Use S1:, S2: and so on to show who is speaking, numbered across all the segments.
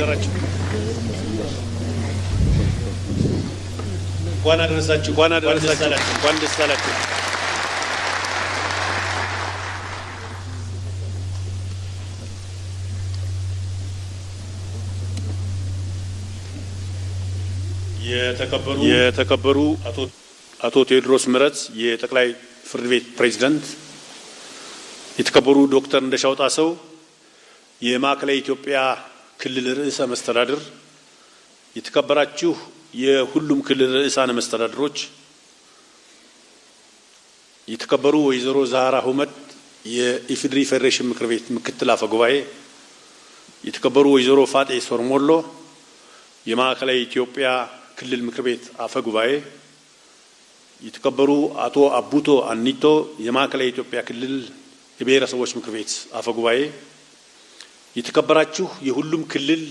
S1: ደረጃ እንኳን አደረሳችሁ፣ እንኳን አደረሳችሁ፣ እንኳን ደስ አላችሁ።
S2: የተከበሩ አቶ ቴዎድሮስ ምረት የጠቅላይ ፍርድ ቤት ፕሬዚደንት፣ የተከበሩ ዶክተር እንደሻው ጣሰው የማዕከላዊ ኢትዮጵያ ክልል ርዕሰ መስተዳድር፣ የተከበራችሁ የሁሉም ክልል ርዕሳነ መስተዳድሮች፣ የተከበሩ ወይዘሮ ዛህራ ሁመድ የኢፌዴሪ ፌዴሬሽን ምክር ቤት ምክትል አፈ ጉባኤ፣ የተከበሩ ወይዘሮ ፋጤ ሶርሞሎ የማዕከላዊ ኢትዮጵያ ክልል ምክር ቤት አፈ ጉባኤ፣ የተከበሩ አቶ አቡቶ አኒቶ የማዕከላዊ ኢትዮጵያ ክልል የብሔረሰቦች ምክር ቤት አፈ ጉባኤ የተከበራችሁ የሁሉም ክልል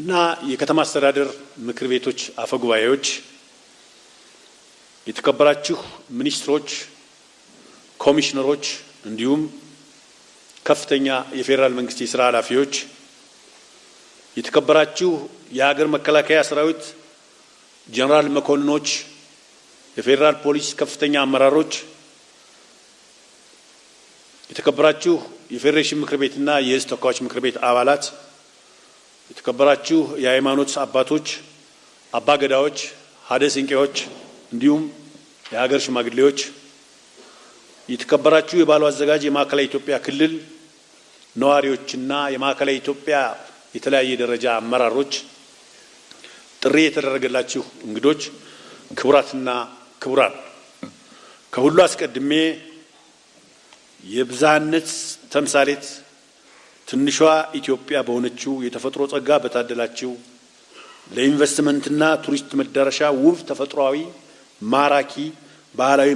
S2: እና የከተማ አስተዳደር ምክር ቤቶች አፈጉባኤዎች፣ የተከበራችሁ ሚኒስትሮች፣ ኮሚሽነሮች እንዲሁም ከፍተኛ የፌዴራል መንግስት የስራ ኃላፊዎች፣ የተከበራችሁ የሀገር መከላከያ ሰራዊት ጀኔራል መኮንኖች፣ የፌዴራል ፖሊስ ከፍተኛ አመራሮች የተከበራችሁ የፌዴሬሽን ምክር ቤትና የህዝብ ተወካዮች ምክር ቤት አባላት፣ የተከበራችሁ የሃይማኖት አባቶች፣ አባገዳዎች፣ ሀደ ስንቄዎች እንዲሁም የሀገር ሽማግሌዎች፣ የተከበራችሁ የባሉ አዘጋጅ የማዕከላዊ ኢትዮጵያ ክልል ነዋሪዎችና የማዕከላዊ ኢትዮጵያ የተለያየ ደረጃ አመራሮች፣ ጥሪ የተደረገላችሁ እንግዶች፣ ክቡራትና ክቡራን ከሁሉ አስቀድሜ የብዛነት ተምሳሌት ትንሿ ኢትዮጵያ በሆነችው የተፈጥሮ ጸጋ በታደላችው ለኢንቨስትመንትና ቱሪስት መዳረሻ ውብ ተፈጥሯዊ ማራኪ ባህላዊ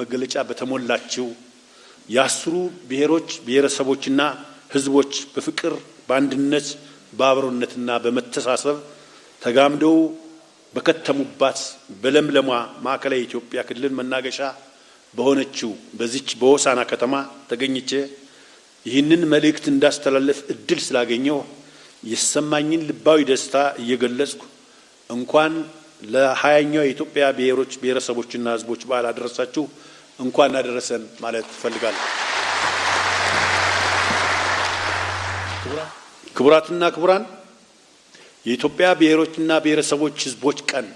S2: መገለጫ በተሞላችው የአስሩ ብሔሮች ብሔረሰቦችና ሕዝቦች በፍቅር በአንድነት በአብሮነትና በመተሳሰብ ተጋምደው በከተሙባት በለምለሟ ማዕከላዊ ኢትዮጵያ ክልል መናገሻ በሆነችው በዚች በሆሳና ከተማ ተገኝቼ ይህንን መልእክት እንዳስተላለፍ እድል ስላገኘው የሰማኝን ልባዊ ደስታ እየገለጽኩ እንኳን ለሀያኛው የኢትዮጵያ ብሔሮች ብሔረሰቦችና ሕዝቦች በዓል አደረሳችሁ እንኳን አደረሰን ማለት እፈልጋለሁ። ክቡራትና ክቡራን የኢትዮጵያ ብሔሮችና ብሔረሰቦች ሕዝቦች ቀን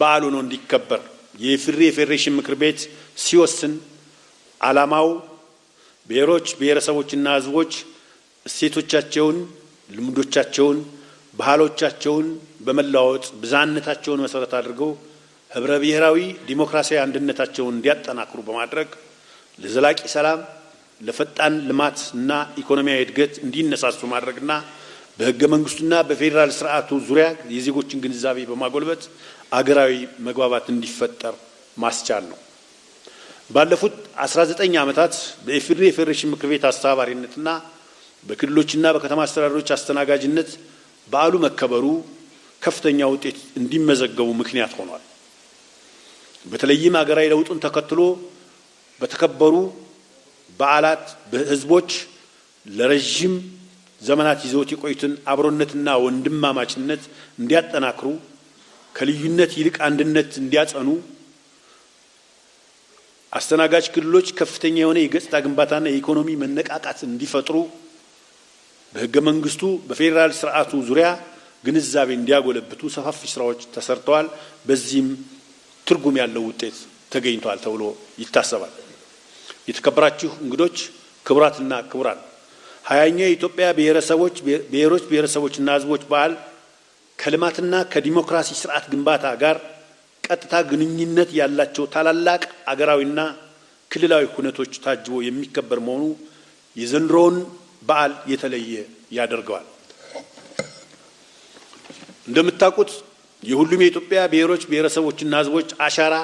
S2: በዓል ሆኖ እንዲከበር የፍሪ የፌዴሬሽን ምክር ቤት ሲወስን ዓላማው ብሔሮች ብሔረሰቦችና ህዝቦች እሴቶቻቸውን፣ ልምዶቻቸውን፣ ባህሎቻቸውን በመለዋወጥ ብዝሃነታቸውን መሰረት አድርገው ህብረ ብሔራዊ ዲሞክራሲያዊ አንድነታቸውን እንዲያጠናክሩ በማድረግ ለዘላቂ ሰላም፣ ለፈጣን ልማት እና ኢኮኖሚያዊ እድገት እንዲነሳሱ ማድረግና በህገ መንግስቱና በፌዴራል ስርዓቱ ዙሪያ የዜጎችን ግንዛቤ በማጎልበት አገራዊ መግባባት እንዲፈጠር ማስቻል ነው። ባለፉት 19 ዓመታት በኢፌዴሪ የፌዴሬሽን ምክር ቤት አስተባባሪነትና በክልሎችና በከተማ አስተዳደሮች አስተናጋጅነት በዓሉ መከበሩ ከፍተኛ ውጤት እንዲመዘገቡ ምክንያት ሆኗል። በተለይም ሀገራዊ ለውጡን ተከትሎ በተከበሩ በዓላት በህዝቦች ለረዥም ዘመናት ይዘውት የቆዩትን አብሮነትና ወንድማማችነት እንዲያጠናክሩ ከልዩነት ይልቅ አንድነት እንዲያጸኑ አስተናጋጅ ክልሎች ከፍተኛ የሆነ የገጽታ ግንባታና የኢኮኖሚ መነቃቃት እንዲፈጥሩ በህገ መንግስቱ በፌዴራል ስርዓቱ ዙሪያ ግንዛቤ እንዲያጎለብቱ ሰፋፊ ስራዎች ተሰርተዋል። በዚህም ትርጉም ያለው ውጤት ተገኝቷል ተብሎ ይታሰባል። የተከበራችሁ እንግዶች፣ ክቡራትና ክቡራን ሀያኛው የኢትዮጵያ ብሔረሰቦች ብሔሮች ብሔረሰቦችና ህዝቦች በዓል ከልማትና ከዲሞክራሲ ስርዓት ግንባታ ጋር ቀጥታ ግንኙነት ያላቸው ታላላቅ አገራዊና ክልላዊ ሁነቶች ታጅቦ የሚከበር መሆኑ የዘንድሮውን በዓል የተለየ ያደርገዋል። እንደምታውቁት የሁሉም የኢትዮጵያ ብሔሮች ብሔረሰቦችና ሕዝቦች አሻራ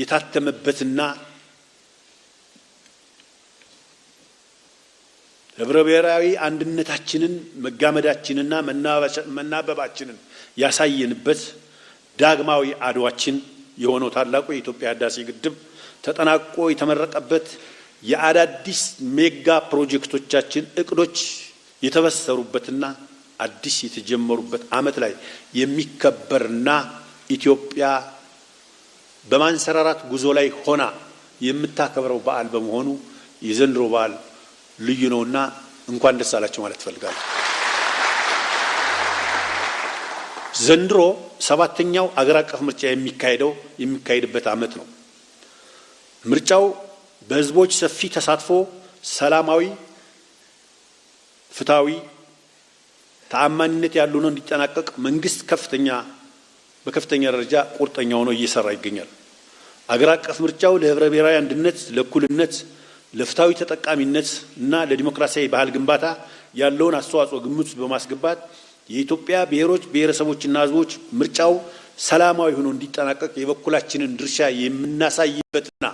S2: የታተመበትና ህብረ ብሔራዊ አንድነታችንን መጋመዳችንና መናበባችንን ያሳየንበት ዳግማዊ አድዋችን የሆነው ታላቁ የኢትዮጵያ ህዳሴ ግድብ ተጠናቆ የተመረቀበት የአዳዲስ ሜጋ ፕሮጀክቶቻችን እቅዶች የተበሰሩበትና አዲስ የተጀመሩበት አመት ላይ የሚከበርና ኢትዮጵያ በማንሰራራት ጉዞ ላይ ሆና የምታከብረው በዓል በመሆኑ የዘንድሮ በዓል ልዩ ነውና እንኳን ደስ አላቸው ማለት እፈልጋለሁ። ዘንድሮ ሰባተኛው አገር አቀፍ ምርጫ የሚካሄደው የሚካሄድበት ዓመት ነው። ምርጫው በህዝቦች ሰፊ ተሳትፎ ሰላማዊ፣ ፍትሃዊ ተአማኒነት ያሉ ነው እንዲጠናቀቅ መንግስት ከፍተኛ በከፍተኛ ደረጃ ቁርጠኛ ሆኖ እየሰራ ይገኛል። አገር አቀፍ ምርጫው ለህብረ ብሔራዊ አንድነት፣ ለእኩልነት ለፍትሐዊ ተጠቃሚነት እና ለዲሞክራሲያዊ ባህል ግንባታ ያለውን አስተዋጽኦ ግምት በማስገባት የኢትዮጵያ ብሔሮች ብሔረሰቦችና ህዝቦች ምርጫው ሰላማዊ ሆኖ እንዲጠናቀቅ የበኩላችንን ድርሻ የምናሳይበትና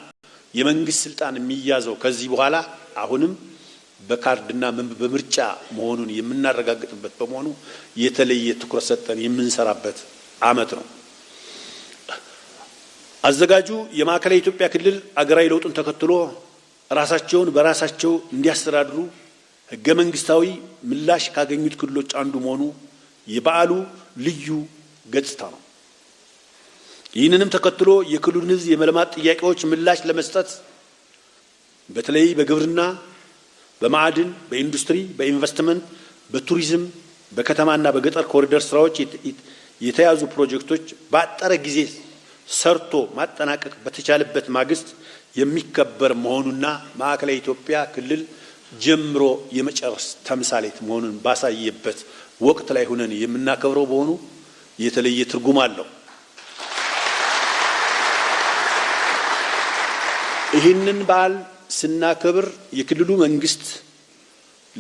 S2: የመንግስት ስልጣን የሚያዘው ከዚህ በኋላ አሁንም በካርድና በምርጫ መሆኑን የምናረጋግጥበት በመሆኑ የተለየ ትኩረት ሰጠን የምንሰራበት አመት ነው። አዘጋጁ የማዕከላዊ ኢትዮጵያ ክልል አገራዊ ለውጡን ተከትሎ ራሳቸውን በራሳቸው እንዲያስተዳድሩ ህገ መንግስታዊ ምላሽ ካገኙት ክልሎች አንዱ መሆኑ የበዓሉ ልዩ ገጽታ ነው። ይህንንም ተከትሎ የክልሉን ህዝብ የመልማት ጥያቄዎች ምላሽ ለመስጠት በተለይ በግብርና፣ በማዕድን፣ በኢንዱስትሪ፣ በኢንቨስትመንት፣ በቱሪዝም፣ በከተማና በገጠር ኮሪደር ስራዎች የተያዙ ፕሮጀክቶች በአጠረ ጊዜ ሰርቶ ማጠናቀቅ በተቻለበት ማግስት የሚከበር መሆኑና ማዕከላዊ ኢትዮጵያ ክልል ጀምሮ የመጨረስ ተምሳሌት መሆኑን ባሳየበት ወቅት ላይ ሆነን የምናከብረው በሆኑ የተለየ ትርጉም አለው። ይህንን በዓል ስናከብር የክልሉ መንግስት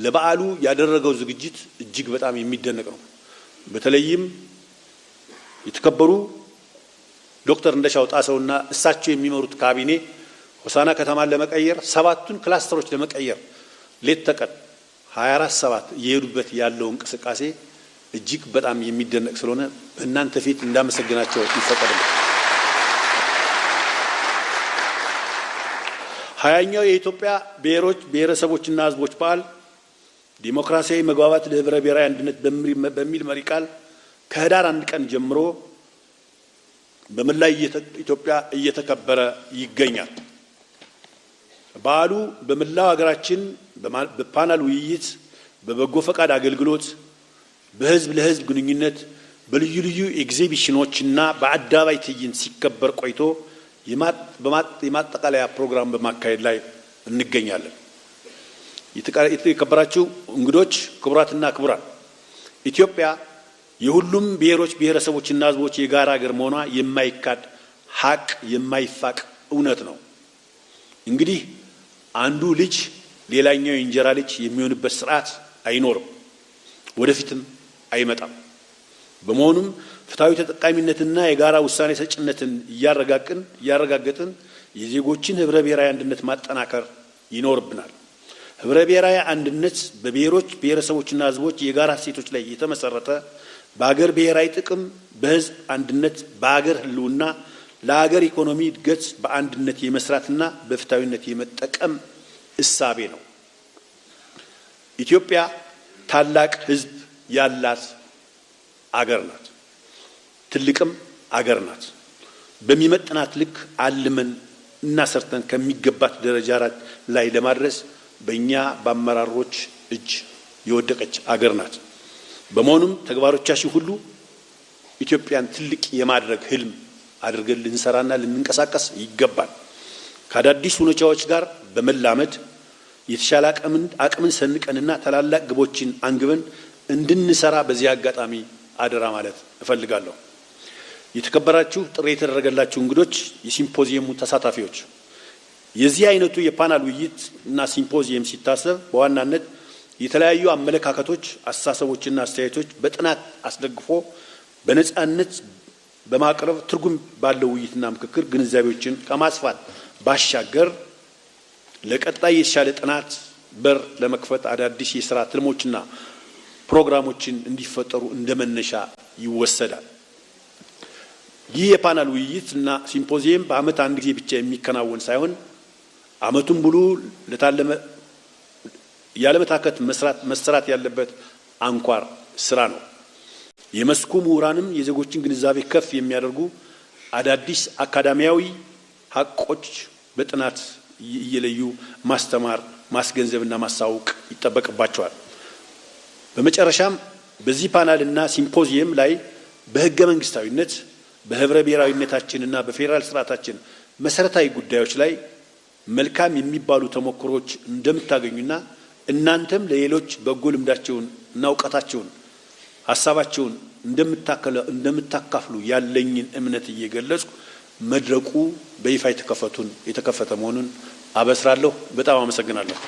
S2: ለበዓሉ ያደረገው ዝግጅት እጅግ በጣም የሚደነቅ ነው። በተለይም የተከበሩ ዶክተር እንደሻው ጣሰውና እሳቸው የሚመሩት ካቢኔ ሆሳና ከተማን ለመቀየር ሰባቱን ክላስተሮች ለመቀየር ሌት ተቀን 24 ሰባት እየሄዱበት ያለው እንቅስቃሴ እጅግ በጣም የሚደነቅ ስለሆነ በእናንተ ፊት እንዳመሰግናቸው ይፈቀድልኝ። ሀያኛው የኢትዮጵያ ብሔሮች ብሔረሰቦችና ሕዝቦች በዓል ዲሞክራሲያዊ መግባባት ለህብረ ብሔራዊ አንድነት በሚል መሪ ቃል ከህዳር አንድ ቀን ጀምሮ በመላ ኢትዮጵያ እየተከበረ ይገኛል። በዓሉ በመላው ሀገራችን በፓናል ውይይት፣ በበጎ ፈቃድ አገልግሎት፣ በህዝብ ለህዝብ ግንኙነት፣ በልዩ ልዩ ኤግዚቢሽኖችና በአደባባይ ትዕይንት ሲከበር ቆይቶ የማጠቃለያ ፕሮግራም በማካሄድ ላይ እንገኛለን። የተከበራችሁ እንግዶች፣ ክቡራትና ክቡራን፣ ኢትዮጵያ የሁሉም ብሔሮች ብሔረሰቦችና ህዝቦች የጋራ ሀገር መሆኗ የማይካድ ሀቅ፣ የማይፋቅ እውነት ነው። እንግዲህ አንዱ ልጅ ሌላኛው የእንጀራ ልጅ የሚሆንበት ስርዓት አይኖርም፣ ወደፊትም አይመጣም። በመሆኑም ፍትሐዊ ተጠቃሚነትና የጋራ ውሳኔ ሰጭነትን እያረጋቅን እያረጋገጥን የዜጎችን ህብረ ብሔራዊ አንድነት ማጠናከር ይኖርብናል። ህብረ ብሔራዊ አንድነት በብሔሮች ብሔረሰቦችና ህዝቦች የጋራ እሴቶች ላይ የተመሰረተ በሀገር ብሔራዊ ጥቅም፣ በህዝብ አንድነት፣ በሀገር ህልውና ለሀገር ኢኮኖሚ እድገት በአንድነት የመስራትና በፍታዊነት የመጠቀም እሳቤ ነው። ኢትዮጵያ ታላቅ ሕዝብ ያላት አገር ናት። ትልቅም አገር ናት። በሚመጥናት ልክ አልመን እና ሰርተን ከሚገባት ደረጃ ላይ ለማድረስ በእኛ በአመራሮች እጅ የወደቀች አገር ናት። በመሆኑም ተግባሮቻችን ሁሉ ኢትዮጵያን ትልቅ የማድረግ ህልም አድርገን ልንሰራና ልንንቀሳቀስ ይገባል። ከአዳዲስ ሁኔታዎች ጋር በመላመድ የተሻለ አቅምን ሰንቀንና ታላላቅ ግቦችን አንግበን እንድንሰራ በዚህ አጋጣሚ አደራ ማለት እፈልጋለሁ። የተከበራችሁ ጥሪ የተደረገላችሁ እንግዶች፣ የሲምፖዚየሙ ተሳታፊዎች፣ የዚህ አይነቱ የፓናል ውይይት እና ሲምፖዚየም ሲታሰብ በዋናነት የተለያዩ አመለካከቶች፣ አስተሳሰቦችና አስተያየቶች በጥናት አስደግፎ በነጻነት በማቅረብ ትርጉም ባለው ውይይትና ምክክር ግንዛቤዎችን ከማስፋት ባሻገር ለቀጣይ የተሻለ ጥናት በር ለመክፈት አዳዲስ የስራ ትልሞችና ፕሮግራሞችን እንዲፈጠሩ እንደ መነሻ ይወሰዳል። ይህ የፓናል ውይይት እና ሲምፖዚየም በአመት አንድ ጊዜ ብቻ የሚከናወን ሳይሆን አመቱን ሙሉ ለታለመ ያለመታከት መስራት መሰራት ያለበት አንኳር ስራ ነው። የመስኩ ምሁራንም የዜጎችን ግንዛቤ ከፍ የሚያደርጉ አዳዲስ አካዳሚያዊ ሀቆች በጥናት እየለዩ ማስተማር ማስገንዘብና ማሳወቅ ይጠበቅባቸዋል። በመጨረሻም በዚህ ፓናልና ሲምፖዚየም ላይ በህገ መንግስታዊነት በህብረ ብሔራዊነታችንና በፌዴራል ስርዓታችን መሰረታዊ ጉዳዮች ላይ መልካም የሚባሉ ተሞክሮች እንደምታገኙና እናንተም ለሌሎች በጎ ልምዳቸውን እና እውቀታቸውን ሀሳባቸውን እንደምታካፍሉ ያለኝን እምነት እየገለጽኩ መድረቁ በይፋ የተከፈቱን የተከፈተ መሆኑን አበስራለሁ። በጣም አመሰግናለሁ።